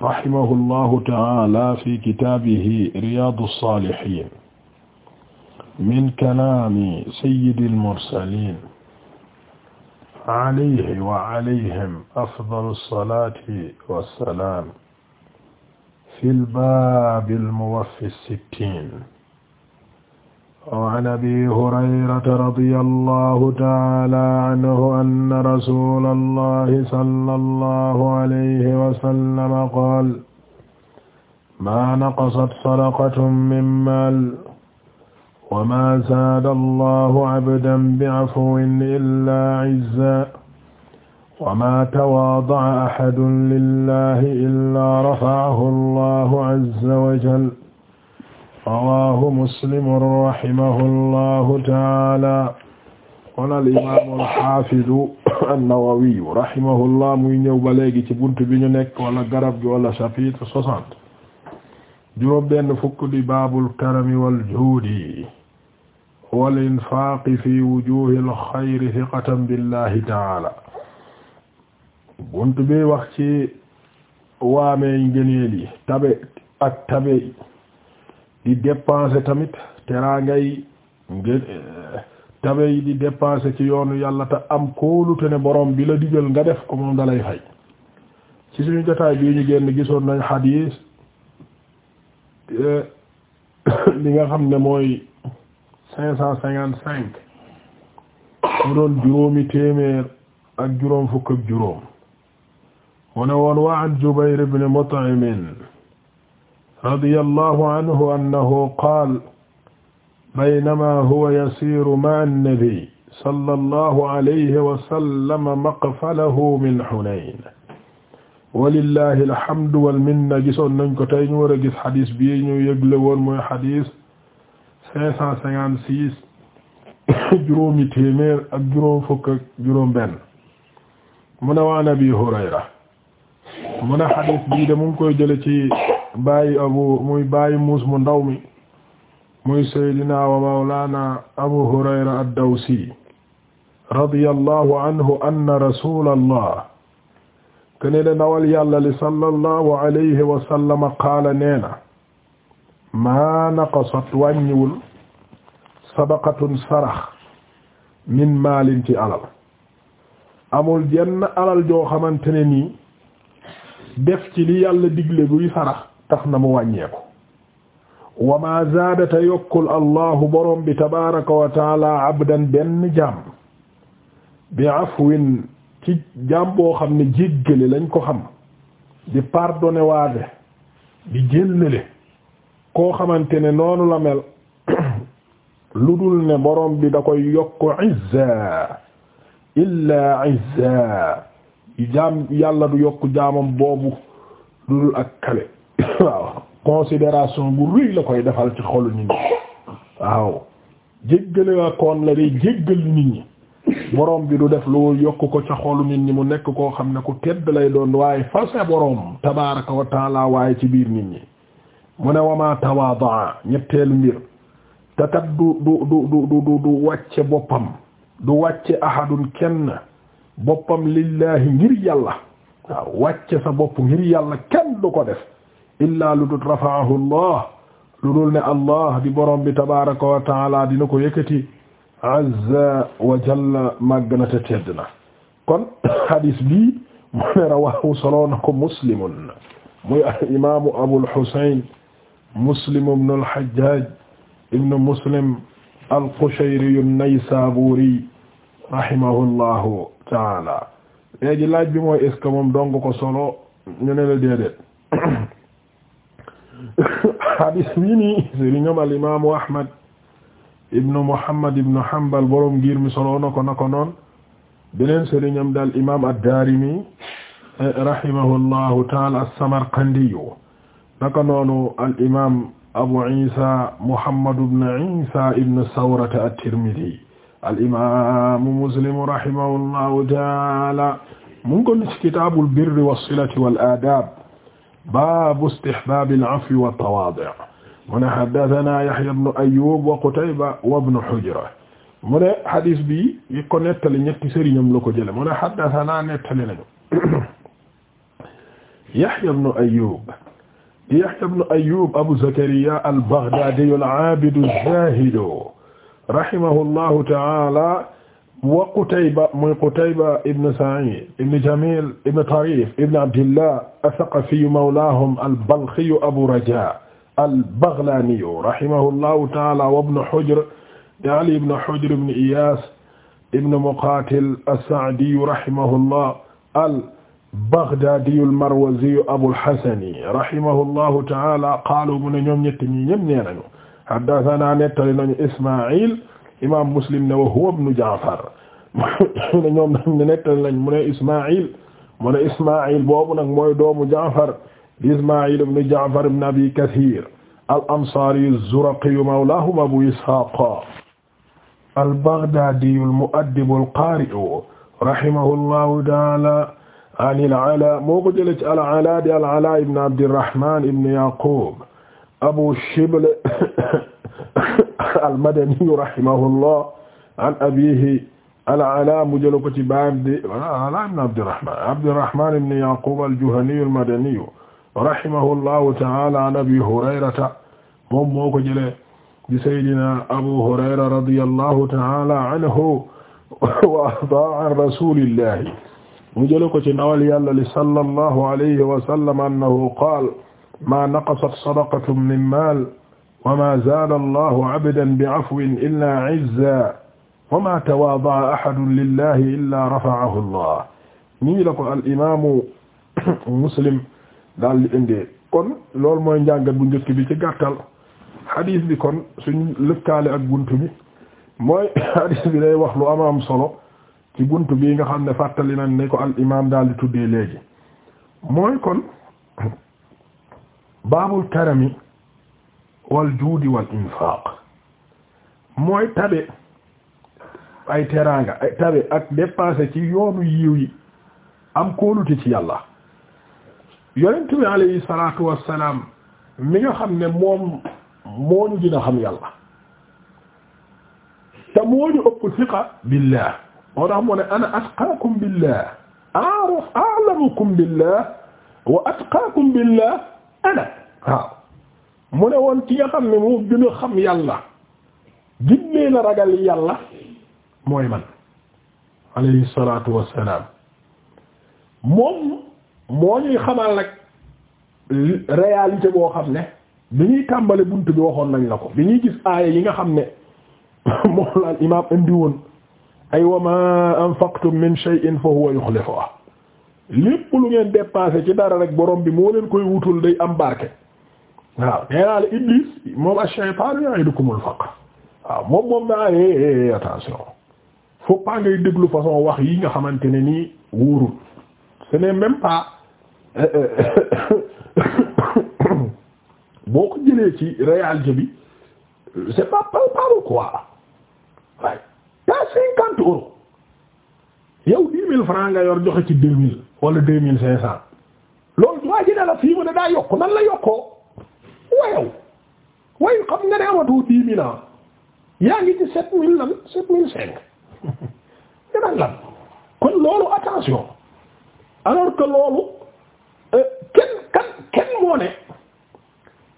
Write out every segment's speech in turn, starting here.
rahimahullahu ta'ala fi kitaabihi Riyaadus Saalihiin min kalaami sayyidil mursaliin alayhi wa alayhim afdalus salaati wassalaam fil baabil muwaffi sittiin وعن أبي هريرة رضي الله تعالى عنه أن رسول الله صلى الله عليه وسلم قال ما نقصت صدقة من مال وما زاد الله عبدا بعفو إلا عزا وما تواضع أحد لله إلا رفعه الله عز وجل rawaahu muslim rahimahullahu taala kon al imaamu alxaafidu annawawiyu rahimahullah muy ñëw ba léegi ci bunt bi ñu nekk wala garab gi wala chapitre soixante juróom benn fukk di baabul karami wal juudi wal infaaqi fi wujuuhil xayri siqatan billahi taala bunt bi wax ci waamee ngëneel yi tabe ak tabe di dépenser tamit ngay ngeen eh, yi di dépenser ci yoonu yàlla te am kóolute ne borom bi la digal nga def ko moom dalay fay ci suñu jotaay bii ñu génn gisoon nañ xadiis eh, li nga xam ne mooy cinq cent cinquante cinq mu doon juróomi téeméer ak juróom fukk ak juróom mu ne woon wa an Jubayr ibn Mut'im radiyallahu anhu annahu qaala baynamaa huwa yasiiru ma'a an-nabiy sallallahu alayhi wa sallam maqfalahu min Hunayn walillahi alhamdu wal minna gisoon nañ ko tey ñu war a gis xadis bii ñu yëgle woon mooy xadis cinq cent cinquante six juróomi téeméer ak juróom fukk ak juróom benn mu ne waan Abi Hurayra mu ne xadis bii de mu ngi koy jële ci bàyyi muy bàyyi muus mu ndaw mi muy saydina wa mawlana abu hurayra ad-dawsi radiyallahu anhu anna rasulallah kene de nawal yàlla li sallallahu alayhi wa sallama qaala neena maa naqasat wàññiwul sadaqatun sarax min maalin ci alal amul jenn alal joo xamante ne nii def ci li yàlla digle guy sarax tax na mu wàññeeku wa ma zaadata yokkul allahu borom bi tabaraka wa taala abdan benn jaam bi afwin ci jaam xam ne jéggale lañ ko xam di pardonner waade di jéllale koo xamante ne noonu la mel lu dul ne borom bi da koy yokk izza illa izza yàlla du yokk jaamam boobu lu dul ak kale waaw considération bu rëy la koy defal ci xolu nit ñi waaw jéggale la day jéggal nit ñi borom bi du def lu yokk ko ca xolu nit ñi mu nekk koo xam ne ku tedd lay doon waaye fase borom waaye ci biir nit ñi mu ne wamaa tawaadaa ñetteelu mbir te du du du du du du wàcce boppam du wàcce ahadun kenn boppam lillahi ngir yàlla waaw wàcce sa bopp ngir yàlla kenn du ko def illaa lu dul allah lu ne allah di borom bi tabaraka wa taala dina ko yëkkati azza wa màgg na te tedd kon hadis bii mu ne rawahu soloo na ko muslimun muy imaamu abul muslim ibn al hajjaj ibn muslim al qushayri an laaj bi mooy est-ce que ko solo ñu ne la hadis bii nii sëriñam al imaamu Ahmad ibnu Muhammad ibnu Hanbal borom ngir mi solo na ko na ko noon beneen sëriñam daal imaam ad-Daarimi rahimahullahu taala as-Samarqandi naka noonu al imaam Abu Isa Muhammad ibnu Isa ibnu Sawrata at-Tirmidhi al imaamu Muslim rahimahullahu taala mu ngi ko ci kitaabul birri was-silati wal aadaab baabu istihbaabi al-afwi wa tawaadu' mu ne haddasanaa Yahyaa ibnu Ayyuub wa Qutayba wa ibnu Hujra mu ne hadis bi yi ko nettali ñetti sëriñam la ko jële mu ne haddasanaa nettali nañu Yahyaa ibnu Ayyuub Yahyaa ibnu Ayyuub Abu Zakariyaa al-Baghdaadiyyu al-'aabidu az-zaahidu rahimahullaahu ta'aalaa wa Qutayba muy Qutayba ibn Sa'id ibn Jamil ibn Tarif ibn Abdillah ath-Thaqafi mawlahum al-Balkhi Abu Raja al-Baghlani rahimahullahu ta'ala wa ibn Hujr Ali ibn Hujr ibn Iyas ibn Muqatil as-Sa'di rahimahullah al-Baghdadi al-Marwazi Abul Hasani rahimahullahu ta'ala qaalu mu ne ñoom ñett ñi ñëpp nee nañu haddathana nettali nañu Isma'il imaam Muslim ne wa huwa ibnu Jaafar mu ne ñoom nag ñu nettali lañ mu ne Ismaïl mu ne Ismaïl boobu nag mooy doomu Jaafar di Ismaïl ibnu Jaafar ibnu Abi Kasiir al-Ansaari az-Zuraqi mawlaahum Abu Ishaaq al-Baghdaadi al-mu'addib al-qaari' rahimahullahu ta'aala an al-Alaa moo ko jëlee ci al-Alaa di al-Alaa ibnu Abdirrahmaan ibnu Yaquub Abu Shibl almadaniyu rahimahullah an abihi al-Alaa mu jël ko ci baayam di Alaa ibn Abdirrahman Abdirrahman ibn Yaqub al-Juhaniyu al-Madaniyu rahimahullahu ta'ala an Abi Hurayrata moom moo ko jëlee di Seydina Abu Hurayra radiyallahu ta'ala anhu wa ardaahu an rasulillahi mu jël ko ci ndawal Yàlla li sallallahu alayhi wa sallam annahu qaala maa naqasat sadaqatun min maal wa maa zaada allahu abdan bi afwin illaa izza wa maa tawaada'a ahadun lillahi allah nii la ko al imaamu muslim daal di indee kon loolu mooy njàngat bu njëkk bi ci gàttal hadith bi kon suñu lëkkaale ak buntu bi mooy hadith bi day wax lu am am solo ci buntu bii nga xam ne fàttali nañ ne ko al imaam daal di tuddee léegi mooy kon baabul karami wal juudi mooy tabe ay teraanga tabe ak dépenser ci yoonu yiw yi am kóolute ci yàlla yonent bi alayhi salaatu wassalaam mi nga xam ne moom moo ñu xam yàlla te moo ñu ëpp billah moo tax ne ana atqaakum billah a'raf a'lamukum billah wa atqaakum billah ana waaw mu ne woon ki nga xam ne moo gën a xam yàlla gindee na ragal yàlla mooy man alayhi salaatu wassalaam moom moo ñuy xamal nag réalité boo xam ne bi ñuy tàmbali bunt bi waxoon nañ la ko bi ñuy gis aaya yi nga xam ne moom laal imaam indi woon ay wa ma anfaqtum min shay'in fa huwa yukhlifuhu lépp lu ngeen dépassé ci dara rek borom bi moo leen koy wutul day am barke waaw nee naa la Iblis moom ash-shaytaan ya'idukumul faqr waaw moom moom naa eh attention faut pas ngay déglu façon wax yi nga xamante ne nii wóorul ce n'est même pas euh, euh, boo ko jëlee ci réalité bi c'est pas palpable quoi waaye cinquante euros yow dix mille francs nga yor joxe ci deux mille wala deux mille cinq cents loolu waa ji ne fii mu daa yokk nan la yokkoo. wayaw way xam nga ne amatu dix yaa ngi ci sept mille lan sept mille cinq nga lan kon loolu attention alors que loolu euh, kenn kenn moo ne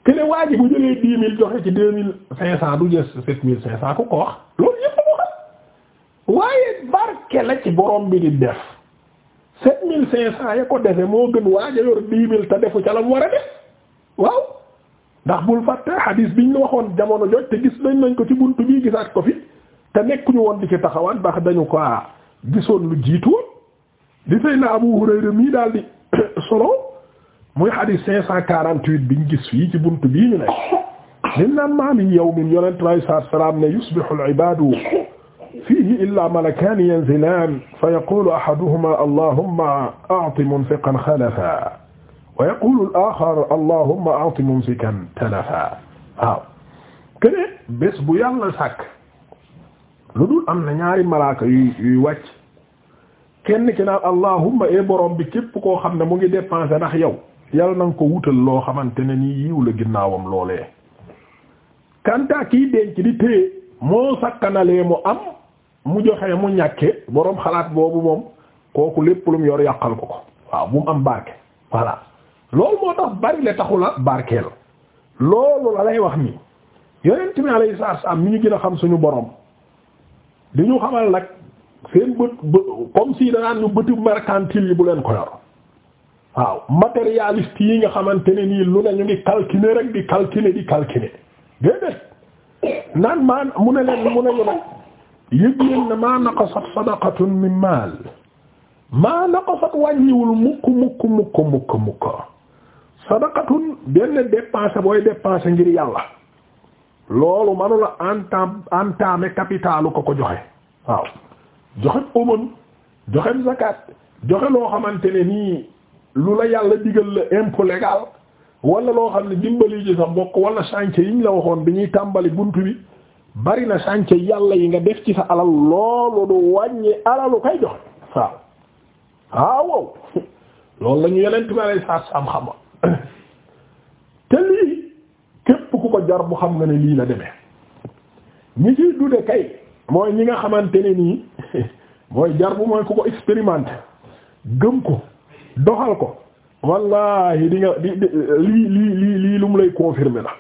que ne waa ji bu jëlee dix joxe ci deux mille cinq cent du jës sept mille cinq cent ku ko wax loolu yëpp moo xam waaye barke la ci borom bi di def sept mille cinq cent ya ko defe moo gën waaja yor dix te defu ca la mu war a def waaw ndax bul fàtte xadiis biñ la waxoon jamono joj te gis nañ nañ ko ci buntu bii ak ko fi te nekkuñu woon di ci taxawaat ndax dañu ko ah, gisoon lu jiitu di fay na Abu Hurayra mii daal solo muy xadiis cinq cent quarante-huit biñ gis fii ci buntu bii ñu nekk lim naan maa min yawmin yonent bi alayhi salaatu wa salaam ne yusbihu al-ibaadu fiihi illaa malakaani yanzilaan fa yaquulu ahaduhumaa allahumma a'ti wa yaqulu al-axar allahumma waaw kene bés bu yàlla sàkk lu dul am na ñaari malaaka yuy yuy wàcc kenn ki naan allahumma e borom bi képp koo xam ne mu ngi dépensé ndax yow yàlla na nga ko wutal loo xamante ne nii yiw la ginnaawam loolee kanta kii denc di téye moo sakkanalee mu am mu joxee mu ñàkke boroom xalaat boobu moom kooku lépp lu mu yor yàqal ko ko waaw bu mu am barke voilà loolu moo tax bari la taxul a loolu la lay wax nii yonent mi alayhi salaam mi ñu gën a xam suñu borom di ñu xamal nag seen bët comme si danaan ñu bëtu mercantile yi bu leen ko yor waaw matérialiste yi nga xamante ne nii lu ne ñu ngi calculer rek di calculer di calculer déedéet naan maa mu ne leen mu ne ñu nag yëg leen ne maa naqasat sadaqatun min maal maa naqasat wàññiwul mukk mukk mukk mukk sadaqatun benn dépense booy dépense ngir yàlla loolu manula entam entamé capitalu ko ko joxe waaw joxe aumône joxe zakat joxe loo xamante ne nii lu la yàlla digal la impôt légal wala loo xam ne dimbali ci sa mbokk wala yi ñu la waxoon bi ñuy tàmbali bunt bi bari na chantier yàlla yi nga def ci sa alal loolu du wàññi alalu kay joxe waaw loolu la ñu yeneen tubaab yi saa xam te lii képp ku ko jar bu xam nga ne lii la demee ñi ciy dude kay mooy ñi nga xamante ne nii mooy jar bu mooy ku ko expérimenter gëm ko doxal ko wallahi di nga di lii lii lii lii lu mu lay confirmer la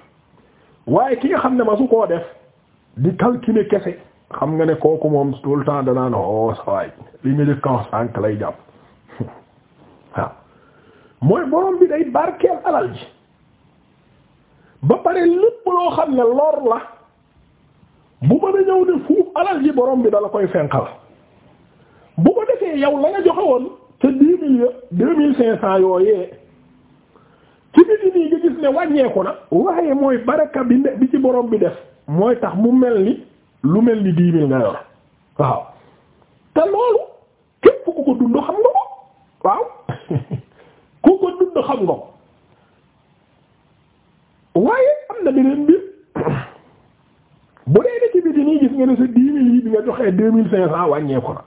waaye ki nga xam ne ma su koo def di calculer kese xam nga ne kooku moom tout le temps danaan o oh, sawaay li nga dëf kan sànk lay jàpp mooy borom bi day barkeel alal ji ba pare lépp loo xam ne lor la bu mën a ñëw de fuuf alal ji borom bi dala koy fenqal bu ko defee yow la nga joxe woon te dix mille deux mille cinq yooyee ci biti nii nga gis ne wàññeeku na waaye mooy baraka bi ne bi ci borom bi def mooy tax mu mel ni lu mel ni dix mille nga yor waaw te loolu képp ku ko dund xam nga ko waaw xam nga ko waaye am na beneen mbir bu dee ne ci biti nii gis nga ne sa dix mille bi nga joxee wàññeeku na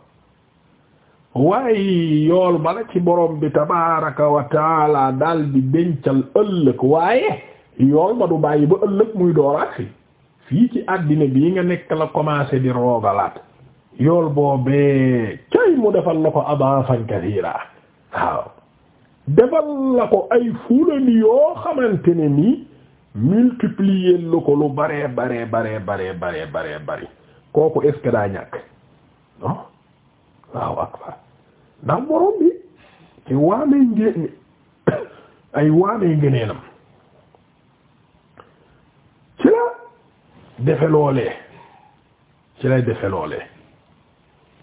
waaye yool bala ci borom bi tabaraka wa taala daal di dencal ëllëg waaye yool ba du bàyyi ba ëllëg muy dooraat si fii ci àddina bii nga nekk la commencé di roogalaat yool boobee cay mu defal la ko abaafan kathiira waaw defal la ko ay fulani yoo xamante ne nii multiplier la ko lu bare baree baree baree baree kooku est-ce que daa ñàkk non waaw akbar ndax borom bi ci waamee ngeen ay waamee ngëneenam ci la defe loolee ci lay defe loolee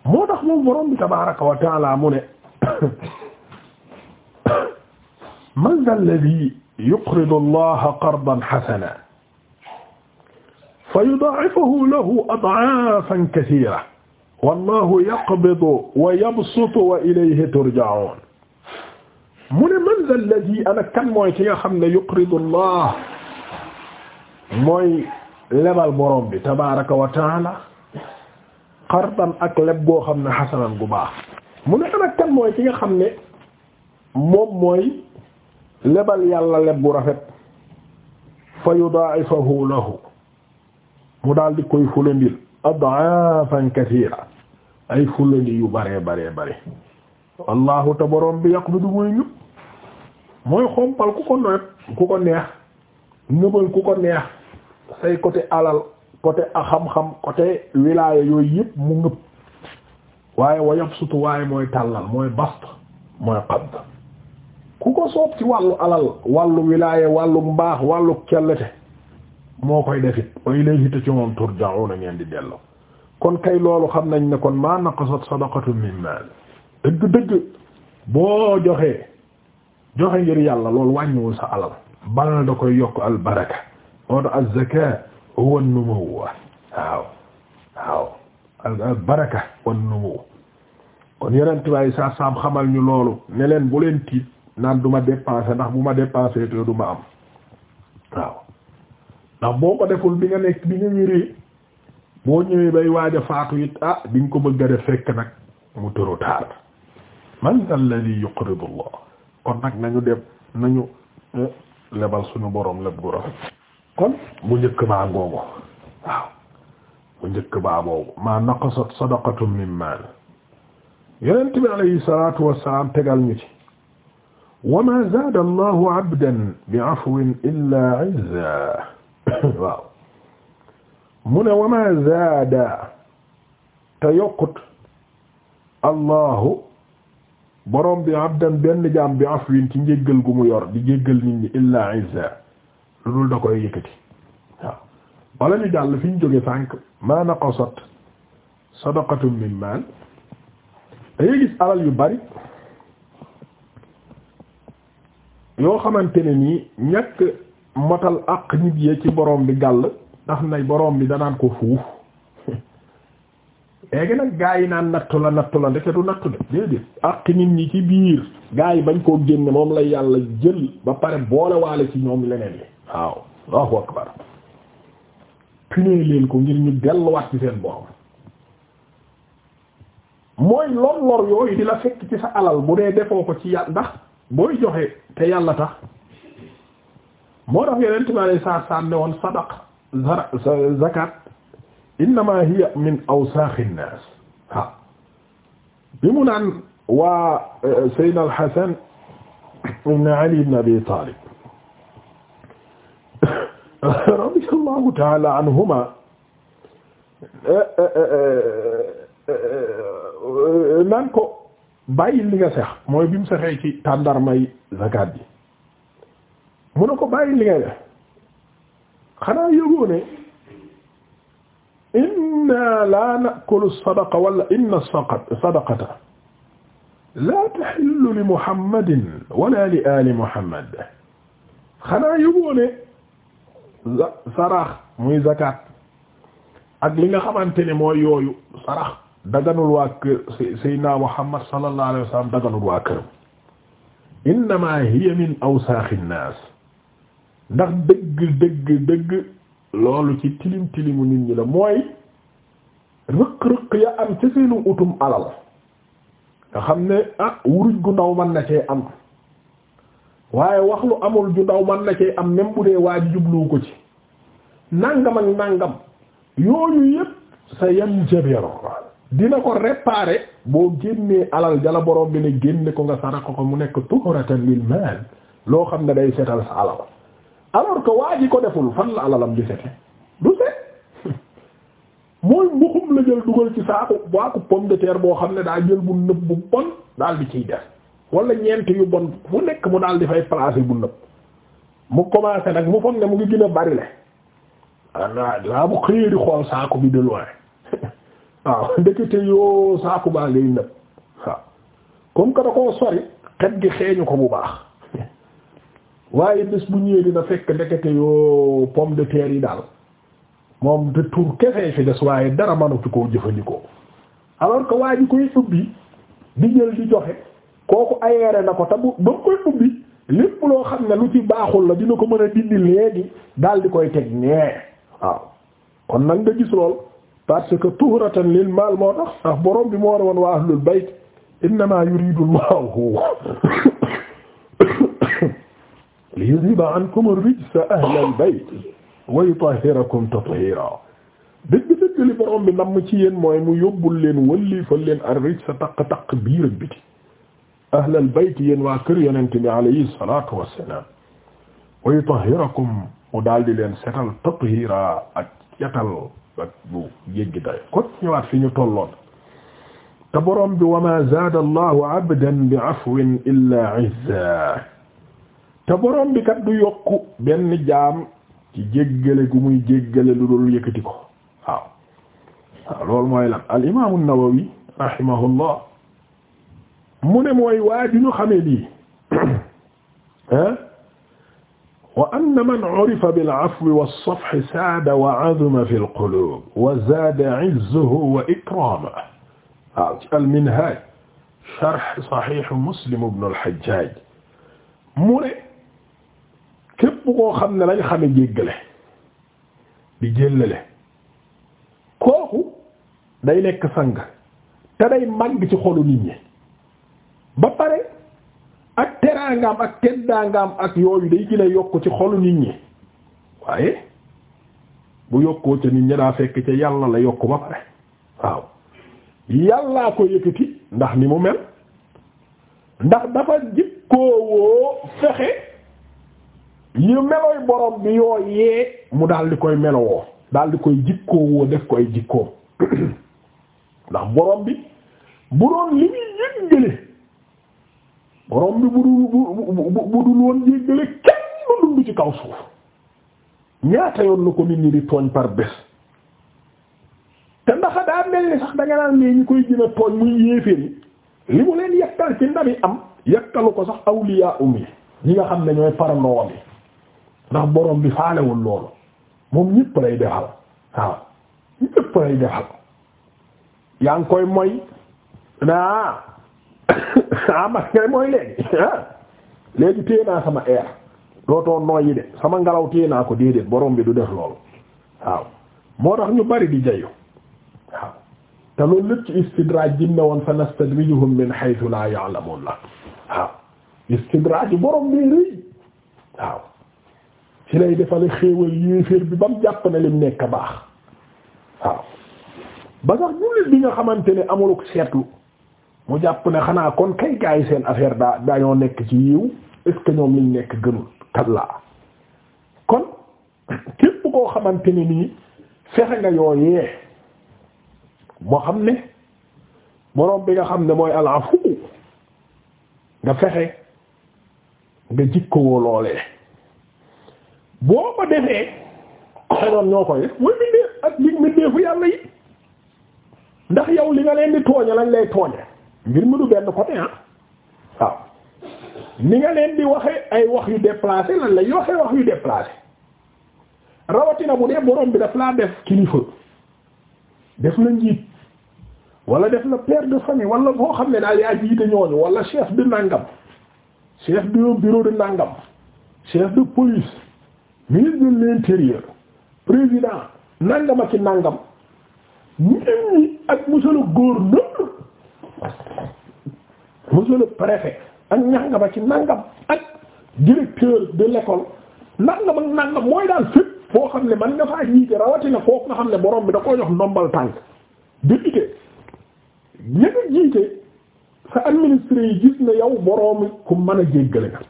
moo tax moom borom bi tabaaraka wa mu ne man dha alladhi yuqridu allaha qardan hasanan fa yudaa'ifahu lahu ad'aafan kathiiratan wallaahu yaqbidu wa yabsutu wa ilayhi turja'uun mu ne man dha alladhi ana kan mooy ki nga xam ne yuqridu allah mooy lebal borom bi tabaaraka wa ta'aala qardan ak leb goo xam ne hasanan gu baax mu ne ana kan mooy ki nga xam ne moom mooy lebal yàlla leb bu rafet fa yudaa'ifahu lahu mu daal di koy fulandil ad'aafan kasiira ay fulandi yu bare bare bare wallahu te borom bi yaqbidu mooy ñu mooy xompal ku ko neex nëbal ku ko neex say côté alal côté a xam-xam côté wilaaya yooyu yëpp mu ngëb waaye wa yabsutu waaye mooy tàllal mooy bast mooy qabd ku ko soob ci wàllu alal wàllu wilaaya wàllu mbaax wàllu kellete moo koy defit wa ilayhi ta ci moom turja'una ngeen di delloo kon kay loolu xam nañ ne kon ma naqasat sadaqatu min mal dëgg dëgg boo joxee joxe ngir yàlla loolu wàññiwul sa alal bal da koy yokk al baraka moo tax waaw waaw al baraka wan kon yeneen tubaab yi saa saam xamal ñu loolu ne bu leen tiit naan du ma dépenser ndax bu ma dépenser te du ma am waaw ndax boo ko deful bi nga nekk bi nga wéree boo ñëwee bay waaja a faatu it ah di nga ko bëgg a fekk nag mu trop tard man alladhi yuqridu kon nag nañu dem nañu eh, lebal suñu borom leb gu rafet kon bu njëkk baa ngoogu waaw bu njëkk baa boobu maa naqasat sadaqatun min maal yonent bi salaatu wassalaam tegal ñu ci wa ma zaada allahu bi afwin illa izza waaw mu ne wa ma zaada te yokkut allahu borom bi abdan bi afwin ci njéggal gu mu yor di jéggal nit ñi illa izza lu dul da koy yëkkati waaw bala ñu jàll ma naqasat sadaqatun min maal dañuy alal yu bari yoo xamante ne nii ñàkk motal ak nit yee ci boroom bi gàll tax na boroom bi danaan ko fuuf léegi nag gaa yi naan nattu la nattu la ndeke du nattu de déedéet ak nit ñi ci biir gaa yi bañ koo génne moom la yàlla jël ba pare boole waale ci ñoom leneen li waaw Allahu akbar punir leen ko ngir ñu delluwaat ci seen borom mooy lor lor yooyu di la fekk ci sa alal bu dee defoo ko ci yàlla ndax booy joxe te yàlla tax moo tax yeneen tibaale saa saa ne woon sadaq zara zakat innama hiya min awsakh an-nas waaw bi mu naan waa eh, Seydina al-Hasan ibn Ali ibn Abi Talib radiyallahu ta'ala anhuma eh, eh, naan ko bàyyil li nga sex mooy bi mu sexee ci tàndarmay zakat bi mu ne ko bàyyil li nga def xanaa yëgoo ne inna la nakulu sadaqa wala inna sadaqata la tahillu li muhammadin wala li ali muhammad xanaa yëgoo ne sarax muy zakat ak li nga xamante ne mooy yooyu sarax daganul waa kër Seydina Muhammad sallallahu alayhi wa sallam daganul waa këram innama hiya min awsaaxi nnaas ndax dëgg dëgg dëgg loolu ci tilim tilimu nit ñi la mooy rëq-rëq ya am ca seenu utum alal nga xam ne ah wuruj gu ndaw man na cee am waaye wax lu amul ju ndaw man na cee am même bu dee waa jubluwu ko ci nàngam ak nàngam yooyu yépp sa yan jabeero dina ko réparer boo génnee alal jala borom bi ne génne ko nga sarako ko mu nekk tuhratan lil mal loo xam ne day seetal sa alal alors que waa ji ko deful fan la alalam di sete du set mooy mbuxum la jël dugal ci saaku waaku pomme de terre boo xam ne daa jël bu nëb bu bon daal di ciy def wala ñeent yu bon mu nekk mu daal di fay placer bu nëb mu commencé nag mu foog ne mu ngi gën a bari le ah laa bu xëyee xool saako bi de loin waaw ndekete yoo saaku baa ngay nëb waaw comme que da koo sori xet gi xeeñu ko bu baax waaye bés bu ñëwee dina fekk ndekete yoo pomme de terre yi daal moom de tur kefee fi des waaye dara mënatu koo jëfandikoo alors que waa ji koy ubbi di jël di joxe kooku aéré na ko te bu ba koy ubbi lépp loo xam ne lu ci baaxul la dina ko mën a dindi léegi daal di koy teg nee waaw kon nag nga gis lool. parce que tuhratan lil maal moo tax ndax borom bi moo woon waa ahlul bayt innama yuridu Allahu li yuzhiba ankum ar-rijsa ahlal bayt wa yutahhirakum tatheera dëgg-dëgg li borom bi namm ci yéen mooy mu yóbbul leen wëlli fa leen ar-rijsa taq-taq biir ak biti ahlal bayt yéen waa kër yonent bi alayhi salaatu wa salaam wa yutahhirakum mu daal di leen setal tathiira ak yatal ak bu jéggi day kon ñëwaat fi ñu tolloon te bi wa ma zaada allahu abdan bi afwin illa izza te bi kat du yokku benn jaam ci jéggale gu muy jéggale lu dul yëkkati ko waaw mooy lan al imaamu nawawi mu ne mooy waa ju ñu lii hein wa anna man urifa bil afwi was-safhi saada wa azuma fil quluub wa zaada izzuhu wa ikraamahu waaw ci al-Minhaaj sharh Sahih Muslim ibn al-Hajjaaj mu ne képp koo xam ne lañ xame jéggale di jéllale kooku day nekk sang te day màgg ci xolu nit ñi karangaam ak teddaangaam ak yooyu day gën yokk ci xolu nit ñi waaye bu yokkoo ca nit ñi daa fekk ca yàlla la yokk ba pare waaw yàllaa ko yëkkati ndax ni mu mel ndax dafa jikkoowoo fexe yu melooy borom bi yoo yee mu daldi koy melowoo daal di koy jikkoowoo def ko ay jikkoom ndax borom bi bu doon li muy yëngale borom bi bu dul bu dul woon jéggale kenn dund ci kaw suuf ñaata yoon la ko nit ñi di tooñ par bés te ndax daa mel ni sax da nga naan ñu koy gën a tooñ muy yéeféeri li mu leen yàkkal ci ndami am yàkkalu ko sax awliya umi ñi nga xam ne ñooy paranoon bi ndax borom bi faalewul loolu moom ñépp lay defal waaw ñépp lay defal yaa ngi koy moy naa ah man kay mooy léegi ah. léegi téye naa sama air dootoo nooyi de sama ngelaw téye ko déedéet boroom bi du def loolu waaw moo tax ñu bari di jayu waaw te loolu lépp ci istidraaj jim na woon fa nastadrijuhum min haythu la ya'lamun la waaw istidraaj borom bi rëy waaw ci lay defale xéewal yéeféer bi ba mu jàpp ne lim nekk baax waaw ba sax jullit bi nga xamante ne amuluk seetlu mu jàpp ne xanaa kon kay gaa yi seen affaire daa dañoo nekk ci yiw est-ce ñoom liñ nekk gënul kallaa kon képp koo xamante ni nii fexe nga yooyee moo xam ne boroom bi nga xam ne mooy alaafu nga fexe nga jikkowoo loolee boo ko defee xeroon ñoo koy mooy mindee ak lig mindee fu yàlla yi ndax yow li nga leen di lañ lay tooña ngir mu du benn côté ah. waaw ni nga leen di waxe ay wax yu déplacé lan lay waxe wax yu déplacé rawatina bu dee borom bi daf laa def kilifa def na njiit wala def la père de famille wala boo xam ne daal bi jiite ñooñu wala chef de nangam chef de bureau de nangam chef de police ministre de l'intérieur président nangam ak ci nangam ñun ñi ak monsieur le góor monsieur le préfet ak ñax nga ñangam ci nangam ak directeur de l'école nangam ak nangam mooy daal fépp foo xam ne man nga faa jiite rawatina foofu nga xam ne borom bi da koo jox ndombal tànk député ña nga jiite sa administré yi gis ne yow boroomi ku mën a jéggale nga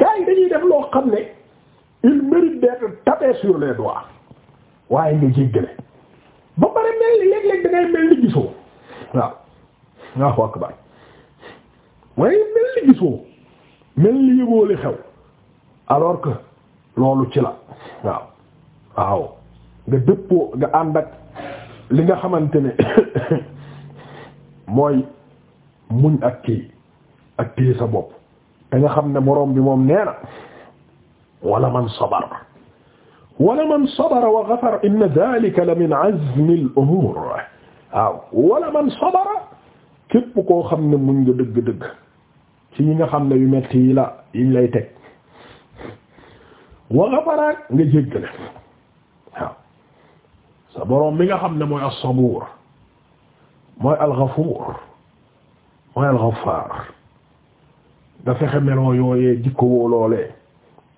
gars dañuy def loo xam ne il mérite d'être tapé sur les waaye nga jéggale ba pare mel ni léeg-léeg da mel ni gisoo waaw waaw wak waaye mel ni gisoo mel xew alors que loolu ci la waaw waaw nga dëppoo nga ànd li nga xamante ne mooy muñ ak kii ak téye sa bopp da xam ne boroom bi moom nee na wala man sabara wala man sabara wa ghafara inna dhalika la min azmi al-umur wala man sabara képp koo xam ne muñ nga dëgg-dëgg ci ñi nga xam ne yu metti yi la yiñ lay teg wa ghafara nga jéggale waaw sa boroom mi nga xam ne mooy as-sabuur mooy al nga fexe meloo yooyee jikkowoo loolee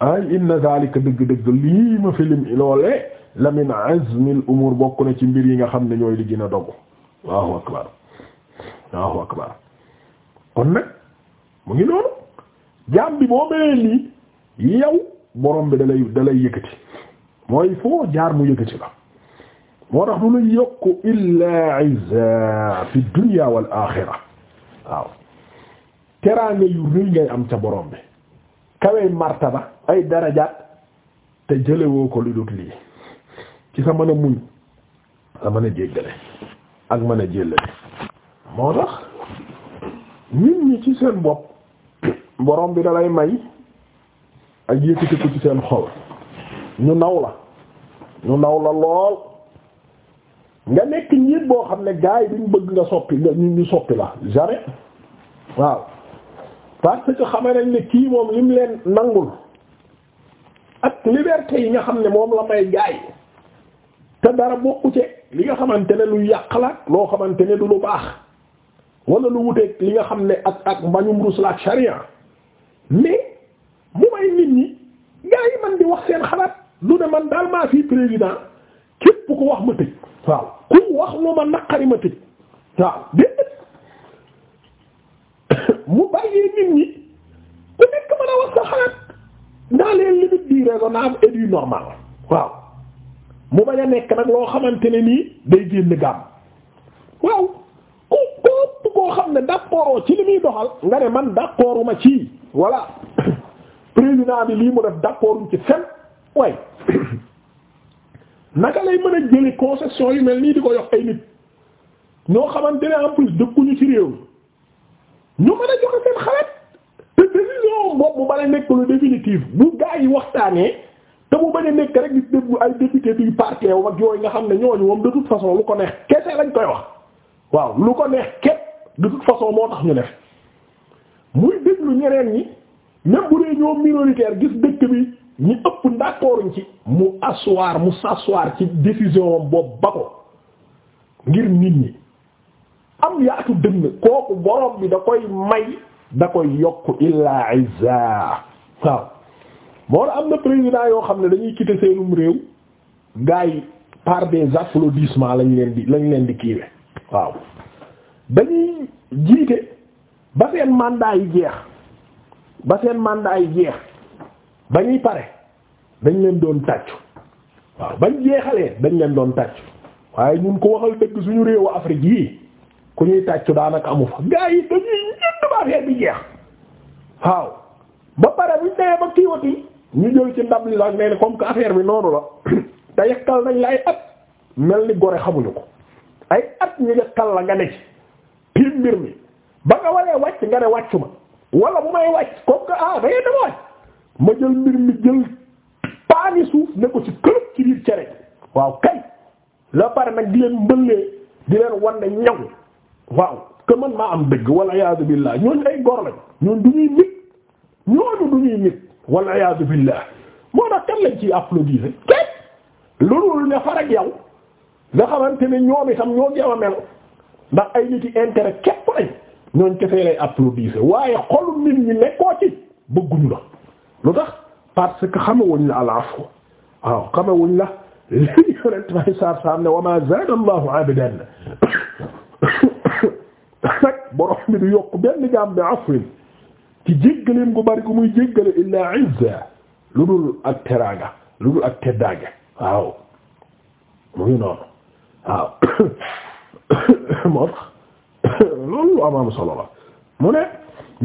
ay inna zalika dëgg-dëgg lii ma filim loolee la min azmi al bokk na ci mbir yi nga xam ne ñooy li gën a dogu Allahu akbar Allahu akbar kon nag mu ngi noonu jaam bi boo melee lii yow borom bi dalay dalay yëkkati mooy foo jaar mu yëkkati la moo tax du la yokku illa izza fi dunya wal axira waaw teraanga yu rëy ngay am ca borom bi kawee martaba ay darajaat te jëlewoo ko lu dut lii ci sa mën a muñ sa mën a jéggale ak mën a jéllale moo tax nit ñi ci seen bopp borom bi dalay may ak yëkkati ko ci seen xol ñu naw la ñu naw la lool nga nekk njiit boo xam ne gars yi duñ bëgg nga soppi nga ñu soppi la jamais waaw parce que xamee nañ ne kii moom lim leen nangul ak liberté yi nga xam ne moom la may gars te dara bokku ci li nga xamante ne lu yàq la loo xamante ne du lu baax. wala lu wuteeg li nga xam ne ak ak mbañum rusla ak sharia mais mu may nit ñi gars yi man di wax seen xalaat lu ne man daal maa fii président képp ku wax ma tëj waaw ku wax lu ma naqari ma tëj waaw déedéet mu bàyyee nit ñi ku nekk mën a wax sa xalaat dans les limites du raisonnable et normal waaw mu bañ a nekk nag loo xamante ne nii day génn gàmm waaw koo xam ne d'accord ci li muy doxal nga ne man d'accordu ma ci voilà président bi lii mu def d'accordu ci fen way naka lay mën a jëli concession yu mel nii di ko yox ay nit ñoo xamante ne en plus dëkkuñu ci réew ñu mën a joxe seen xalaat te décision boobu ba nekk lu définitive bu gaa yi waxtaanee te mu bañ a nekk rek di déglu ay député du parti ak yooyu nga xam ne ñooñu moom de toute façon lu ko neex kese lañ koy wax waaw lu ko neex képp de toute façon moo tax ñu ne muy déglu ñeneen ñi même bu dee ñoo minoritaire gis dëkk bi ñu ëpp d'accorduñ ci mu asseoir mu s'asseoir ci décision am ko ngir nit ñi am yaatu dënn kooku borom bi da koy may da koy yokk illaa izza waaw moo am na président yoo xam ne dañuy quitter seenum réew gars yi par des applaudissements lañ leen di lañu leen di kiiwe waaw dañuy jiite ba seen mandat yi jeex ba seen mandat yi jeex ba ñuy pare dañ leen doon tàccu waaw bañ jeexalee dañ leen doon tàccu waaye ñun ko waxal dëgg suñu réewu Afrique yii ku ñuy tàccu daanaka amu fa gaa yi dañuy ñënd ba affaire bi jeex waaw ba pare buñ demee ba kiiwati ñu jël ci ndab li la ne comme que affaire bi noonu la te yekkal nañ la ay at mel ni gore xamuñu ko ay at ñu yekkal la nga ne ci tiim mbir mi ba nga waree wàcc nga ne wàccu ma wala bu may wàcc comme que ah dangay dama wàcc ma jël mbir mi jël paani suuf ne ko ci këlëb ci biir cere waaw kay la pare nag di leen mbëllee di leen wan ñaw waaw que man maa am dëgg wala iyaadu billah ñooñu ay gor lañ ñooñu du ñuy nit ñooñu du ñuy nit wala iyaadu billah moo tax kan lañ ciy applaudir kenn loolu lu ne farag yow nga xamante ne ñoom itam ñoo jaww mel ndax ay niti yi intérêt képp lañ ñooñ kese lay applaudir waaye xolu nit ñi nekkoo ci bëgguñu la lu tax parce que xamewuñ la alaafo waaw xamewuñ la lii yonent may saar saar ne wa ma zaada allahu abdan nag borom du yokk benn jaam bi afwin ci jéggaleem gu bari gu muy jéggale illaa izza lu dul ak teraanga lu dul ak teddaange waaw mu ngi noonu waaw moo tax loolu lu amaam solo la mu ne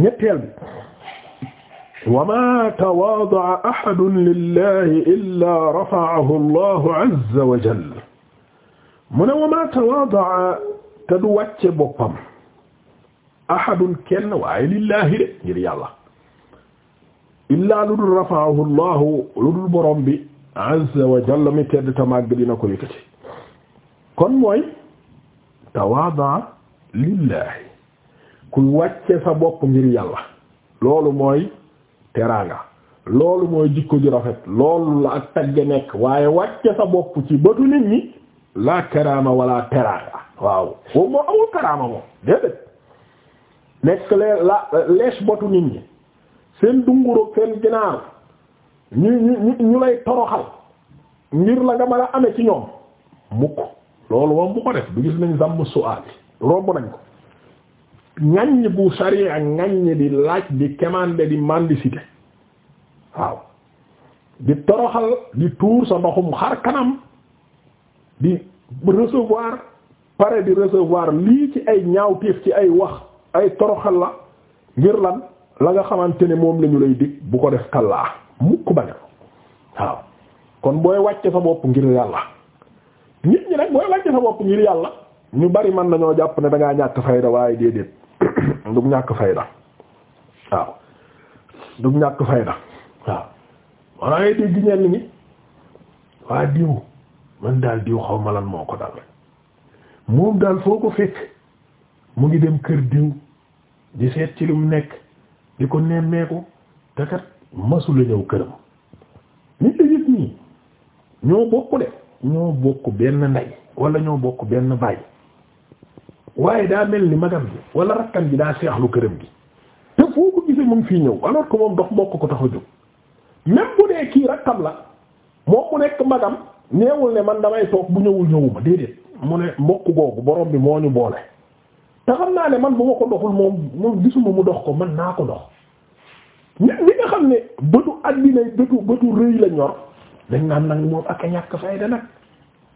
ñetteel bi wa ma tawaada'a ahadun lillahi illa rafa'ahu allahu azza wa jalla mu ne wa ma tawaada'a te du wàcce boppam ahadun kenn waaye lillahi de ngir yàlla illaa lu dul rafa'ahu allahu lu dul borom bi azza wa jalla mi tedd ta màgg dina ko yëkkati kon mooy tawaada lillahi ku wàcce sa bopp ngir yàlla loolu mooy teraanga loolu mooy jikko ju rafet loolu la tagge nekk waaye wàcce sa bopp ci bëtu nit ñi la karaama wala teraanga waaw boobu moo amul karaama moom déedéet nekk lee la lees botu nit ñi seen dunguroog seen ginaar ñu ñu ñu lay toroxal ngir la nga mën a ame ci ñoom mukk loolu moom bu ko def du gis nañ damm su'aal romb nañ ko ŋaññ bu sariya ak ŋaññ di laaj di kemande di mendicité waaw di toroxal di tuur sa ndoxum xar kanam di recevoir pare di recevoir lii ci ay ñaawteef ci ay wax ay toroxal la ngir lan la nga xamante ne moom lañu lay dig bu ko def kallaa mukk ba waaw kon booy wàcce sa bopp ngir yàlla nit ñi nag mooy laajte sa bopp ngir yàlla ñu bari man nañoo jàpp ne da ngaa ñàkk fayda waaye déedéet du ñàkk fayda waaw du ñàkk fayda waaw man da ngay dégg ñenn ñi waa diw man daal diw xaw ma lan moo ko dal moom daal foo ko fekk mu ngi dem kër diw di seet ci li mu nekk di ko nemmeeku te kat masu la ñëw këram nit ñi nii ñoo bokk de. ñoo bokk benn ndey wala ñoo bokk benn baay waaye daa mel ni magam bi wala rakkam bi daa seexlu këram gi te foo ko gisee mu ngi fii ñëw alors que moom dox mbokk ko tax a jóg même bu dee kii rakkam la moo ku nekk magam neewul ne man damay toog bu ñëwul ñëwuma déedéet mu ne mbokk googu borom bi moo ñu boole te xam naa ne man bu ma ko doxul moom gisuma mu dox ko man naa ko dox nit ñi nga xam ne bëtu àddina bëtu bëtu rëy la ñor dañ naan nag moom ak a ñàkk fayda nag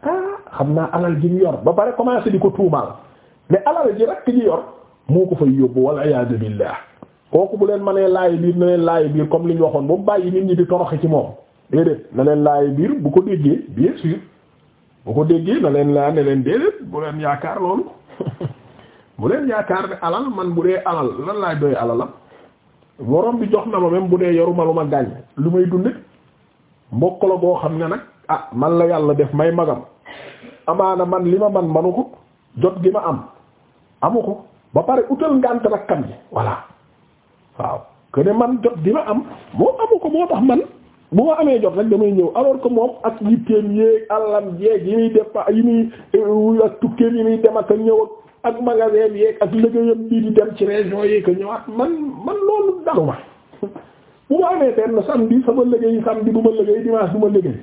ah xam naa alal ji ñu yor ba pare commencé di ko tuumaal mais alal ji rek ji yor moo ko fay yóbbu wal iyaadu billah kooku bu leen mënee laaj biir na leen laaj biir comme li ñu waxoon ba mu bàyyi nit ñi di toroxe ci moom déedéet na leen laaj biir bu ko déggee bien sûr bu ko déggee na leen laa ne leen déedéet bu leen yaakaar loolu bu leen yaakaar ne alal man bu dee alal lan laay doy alalam borom bi jox na ma même bu dee yoruma lu ma gàññ lu may dundee. mbokk la boo xam ne nag ah man la yàlla def may magam amaana man li ma man manu ko jot gi ma am amu ko ba pare utal ngànt rakkam ji voilà waaw que ne man jot gi ma am moom amu ko moo tax man bu ma amee jot rek damay ñëw alors que moom ak yitteem yéeg àllam jeeg yi muy depa yi muy eh, ak tukkeem yi muy dem a ñëw ak magasin yeeg ak liggéeyam bii di dem ci région yi que ñëwaat man man loolu daluma bu ma amee benn samedi sama liggéey samedi bu ma liggéey dimanche bu ma liggéey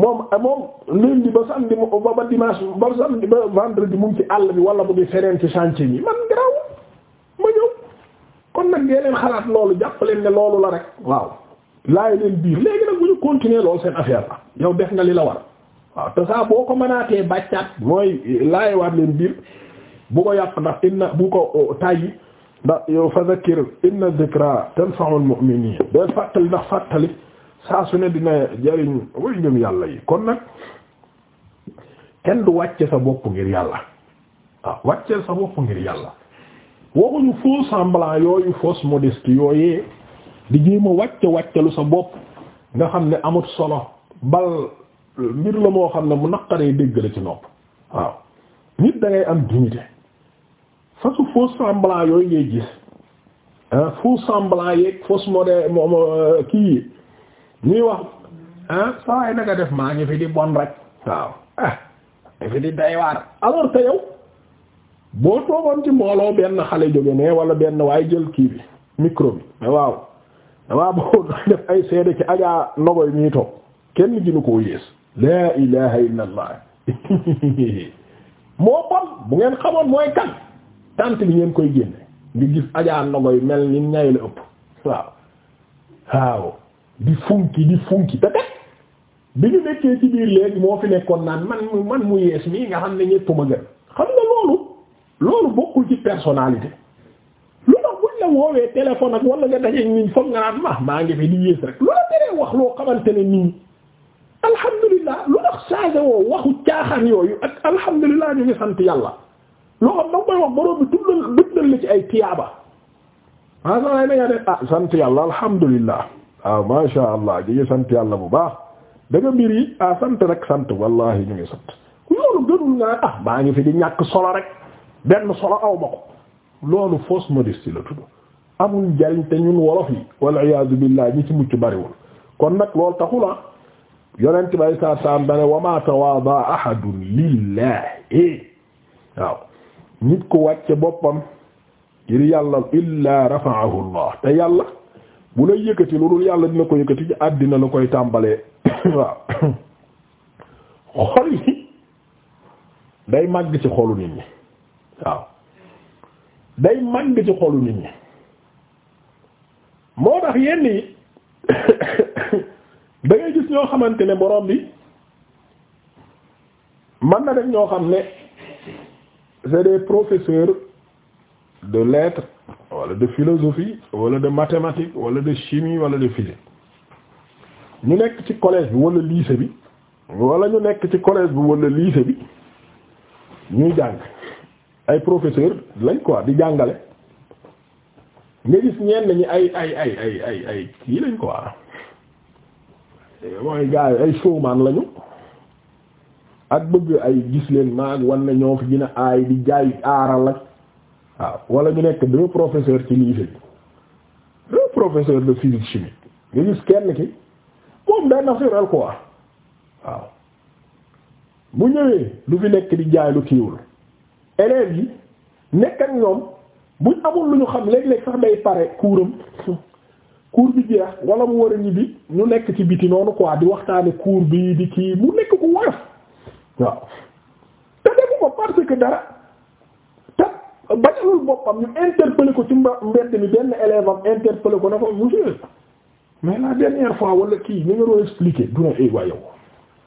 moom ah, moom lundi ba samedi ba ba dimanche ba samedi ba vendredi mu ngi ci àll bi wala bu di feneen ci chantier yi man garaaw ma ñëw kon nag dee leen xalaat loolu jàpp leen ne loolu la rek waaw laay leen biir léegi nag bu ñu continuer loolu seen affaire la yow def nga li la war waaw te saa boo ko mënaatee bàccaat mooy laayewaat leen biir bu ko yàq na inna bu ko oh, tàyyi ndax yow fa zakkir inna fàttali ndax fàttali saa su ne dina jariñ way ngëm yàlla yi kon nag kenn du wàcce sa bopp ngir yàlla waaw wàccel sa bopp ngir yàlla waxuñu faux semblant yooyu fausse modestie yooyee di jéem a wàcce wàccelu sa bopp nga xam ne amut solo bal mbir la moo xam ne mu naqaree dégg la ci nopp waaw nit da am dignité fasu faux semblant yooyu ngay gis ah faux semblant moo fausse modèle moom kii ñuy wax ah saa waay naka def maa ngi fi di bon rek waaw ah ngi fi di daywaar alors que yow boo toogoon ci mbooloo benn xale jóge ne wala benn waaye jël kii bi micro bi mais waaw dawaa boo def ay seede ci ajaa nogoy mii toog kenn ginu koo yées laa ilaha illa moo bon bu ngeen xamoon mooy kan tant bi ngeen koy génne nga gis ajaa nogoy mel ni ñay la ëpp waaw waaw di funki di funki te bi ñu nekkee ci biir léegi moo fi nekkoon naan man mu mu yees mii nga xam ne ñépp ma gën xam nga loolu loolu bokkul ci personnalité lu tax buñ la woowee téléphone ak wala nga dajeeg nii foog nga naan ma ah, maa ngi fi di yees rek loola teree wax loo xamante ne nii alhamdulilah lu tax changé waxu caaxaan yooyu ak alhamdulilah ñu ngi sant yàlla. loo xam da nga koy ci ay tiyaaba maa ah, sa waay na nga ne ah sant yàlla alhamdulillah waaw ah, masha allah gi ngi sant yàlla bu baax da nga mbir yi ah, rek sant wallahi ñu ngi sant loolu gënul nga ah maa ngi fi di ñàkk solo rek benn solo aw ma ko loolu fausse modestie la tudd amul njariñ te ñun wolof wal iyaadu billah ñi ci mucc bariwul kon nag loolu taxula yonent bay saa saam dane wa ma tawaada ahadun lillahi waaw nit ku wàcce boppam ngir yàlla illaa rafa'ahu te yàlla bu lay yëkkati loolu yàlla dina ko yëkkati ci àddina la koy tàmbalee waaw xol yi day màgg ci xolu nit ñi waaw day màgg ci xolu nit ñi moo tax yenn yi da gis ñoo xamante ne borom bi mën na def ñoo xam ne c'est des professeurs de lettres wala de philosophie wala de mathématiques wala de chimie wala de physique ñu nekk ci collège bi wala lycée bi wala ñu nekk ci collège bi wala lycée bi ñuy jàng ay professeur lañ quoi di jàngale nga gis ñenn ñi ay ay ay ay ay ay kii lañ quoi mooy gars yi ay showman lañu ak bëgg ay gis leen maag wan ne ñoo fi gën aay di jaay aaral ak waaw wala ñu nekk deux professeurs ci lycée bi deux professeurs de physique chimique nga gis kenn ki moom day naturel quoi waaw bu ñëwee lu fi nekk di jaay lu kiiwul élèves yi nekk ak ñoom buñ amul lu ñu xam léeg-léeg sax day pare kuuram cours bi jeex wala mu war a ñibbi ñu nekk ci biti noonu quoi di waxtaane cours bi di kii mu nekk ku woyof waaw te defu ko parce que dara te bañalul boppam ñu interpellé ko ci mbedd mi benn élève am interpellé ko ne ko mais la dernière fois wala kii ñu nga doon expliqué du na ay eh, waa yow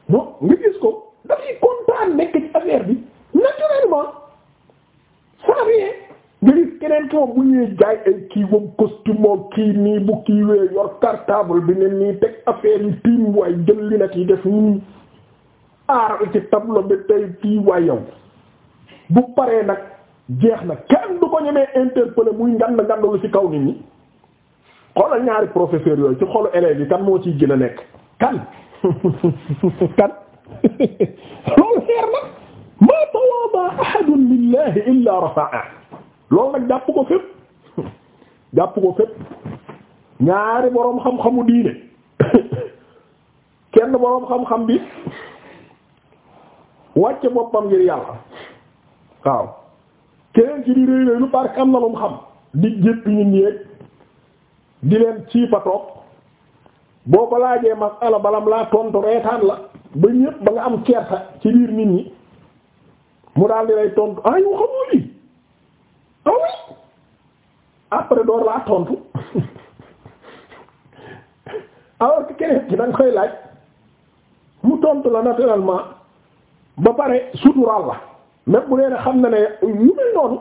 non nga gis ko dafay kontaan nekk ci affaire bi naturellement sans rien gis keneen koo bu ñuy jaay ay kii wam costume oo kii nii bu kii wee yor cartable bi ne nii teg affaire yi tiim waay jël li nag yi def nii aar ci tableau bi tey fii yow bu paree nag jeex na kenn du ko ñemee interpeller muy ngand ngand ci kaw nit ñi xoolal ñaari professeur yooyu ci xolu élèves yi kan moo ci gën a nekk kan kan loolu xeer na maa tawaba ahadun lillahi illa rafa'a loolu nag jàpp ko fépp jàpp ko fépp ñaari boroom xam-xamu diine kenn boroom xam-xam bi wàcce boppam ngir yàlla waaw keneen ci di réy réy lu parce am na lu mu xam di jëpp ñu ñéeg di leen ciipatoog boo ko laajee masala balam laa tontu reetaan la ba ñépp ba nga am kersa ci biir nit ñi mu daal di lay tontu ah yow xamoo lii ah après door laa tontu alors que keneen ci danga koy laaj mu tontu la naturellement ba pare suturaal la même bu nee ne xam na ne yu mel noonu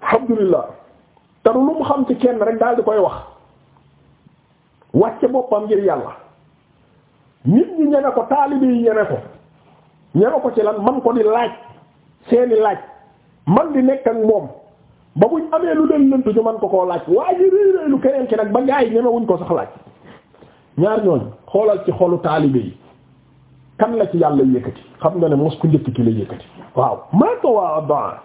alhamdulillah te lu mu xam ci kenn rek daal di koy wax wàcce boppam ngir yàlla nit ñi ñene ko taalibe yi ñene ko ñene ko ci lan man ko di laaj seeni laaj man di nekk ak moom ba buñ amee lu del lëntu ñu man ko koo laaj waaye ji réy réy lu keneen ki nag ba gaa yi ñemewuñ ko sax laaj ñaar ñooñ xoolal ci xolu taalibe yi kan la ci yàlla xam nga ne mos ko njëkk ki la yëkkati waaw maa tawaada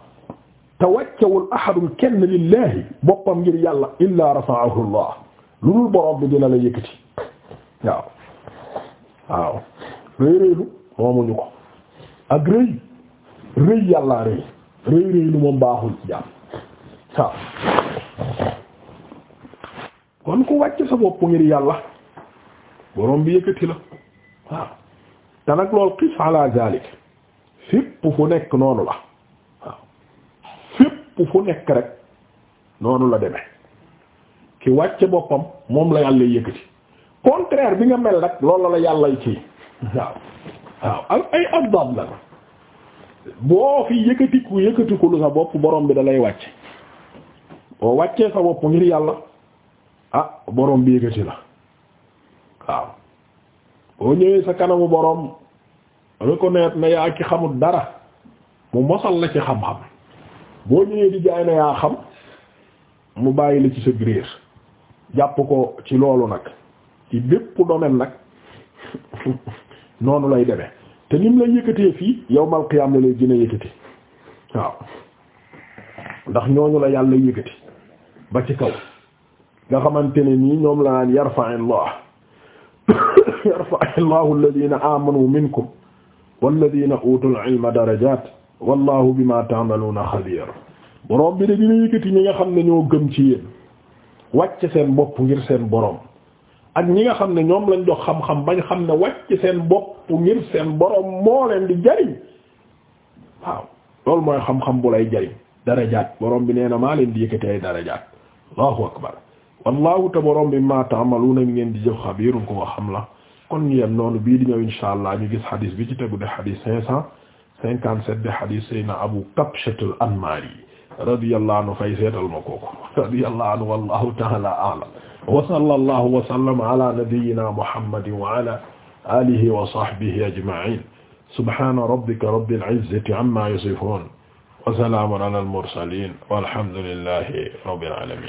te wàccewul ahadun kenn lillahi boppam ngir yàlla illa rafa'ahu allah lu dul borom bi dina la yëkkati waaw waaw rëy rëylu moomuñu ko ak rëy rëy moom baaxul ci jàmm kon ku wàcc sa bopp ngir yàlla borom bi yëkkati la te nag lool qis ala zalik fépp fu nekk noonu la waaw fépp fu nekk rek noonu la demee ki wàcce boppam moom la yàlla yëkkati contraire bi nga mel rek loolu la yàlla ci waaw ay abdab la boo fi yëkkatiku yëkkatiku lu bopp borom bi dalay lay wàcce boo wàccee sa bopp ngir yàlla ah borom bi yëkkati la waaw boo ñëwee sa kanamu boroom reconnaître na yaa ki xamul dara mu mosal la ci xam-xam boo ñëwee di jaay na yaa xam mu bàyyi la ci sa gréer jàpp ko ci loolu nag ci bépp domaine nag noonu lay demee te nim lay yëkkatee fii yawmal qiyaam la lay gën yëkkati waaw ndax ñooñu la yàlla yëkkati ba ci kaw nga xamante ni nii ñoom la naan yarfa'illah yarfa'i llahu alladhina amanu minkum walladhina utul ilma darajat wallahu bima ta'maluna xabiir borom bi de dina yëkkati ñi nga xam ne ñoo gëm ci yéen wàcc seen bopp ngir seen boroom ak ñi nga xam ne ñoom lañ jox xam-xam bañ xam ne wàcc seen bopp ngir seen borom moo leen di jariñ waaw loolu mooy xam-xam bu lay jariñ darajaat borom bi nee na maa leen di yëkkati ay darajaat allahu akbar wallahu te borom bi ma ta'maluna ngeen di jëf xabiirun ko xam la kon ñu yem noonu bii di ñëw insha allah ñu gis xadis bi ci tegu de xadis cinq cent cinquante sept de xadis sayna Abu Kabshat al-Anmari radiyallahu anhu fay seetal ma kooku radiyallahu anhu wallahu ta'ala a'lam wa sallallahu wa sallama ala nabiyyina muhammadin wa ala alihi wa sahbihi ajma'in subhana rabbika rabbil izzati amma yasifun wa salamun ala al-mursalin walhamdulillahi rabbil alamin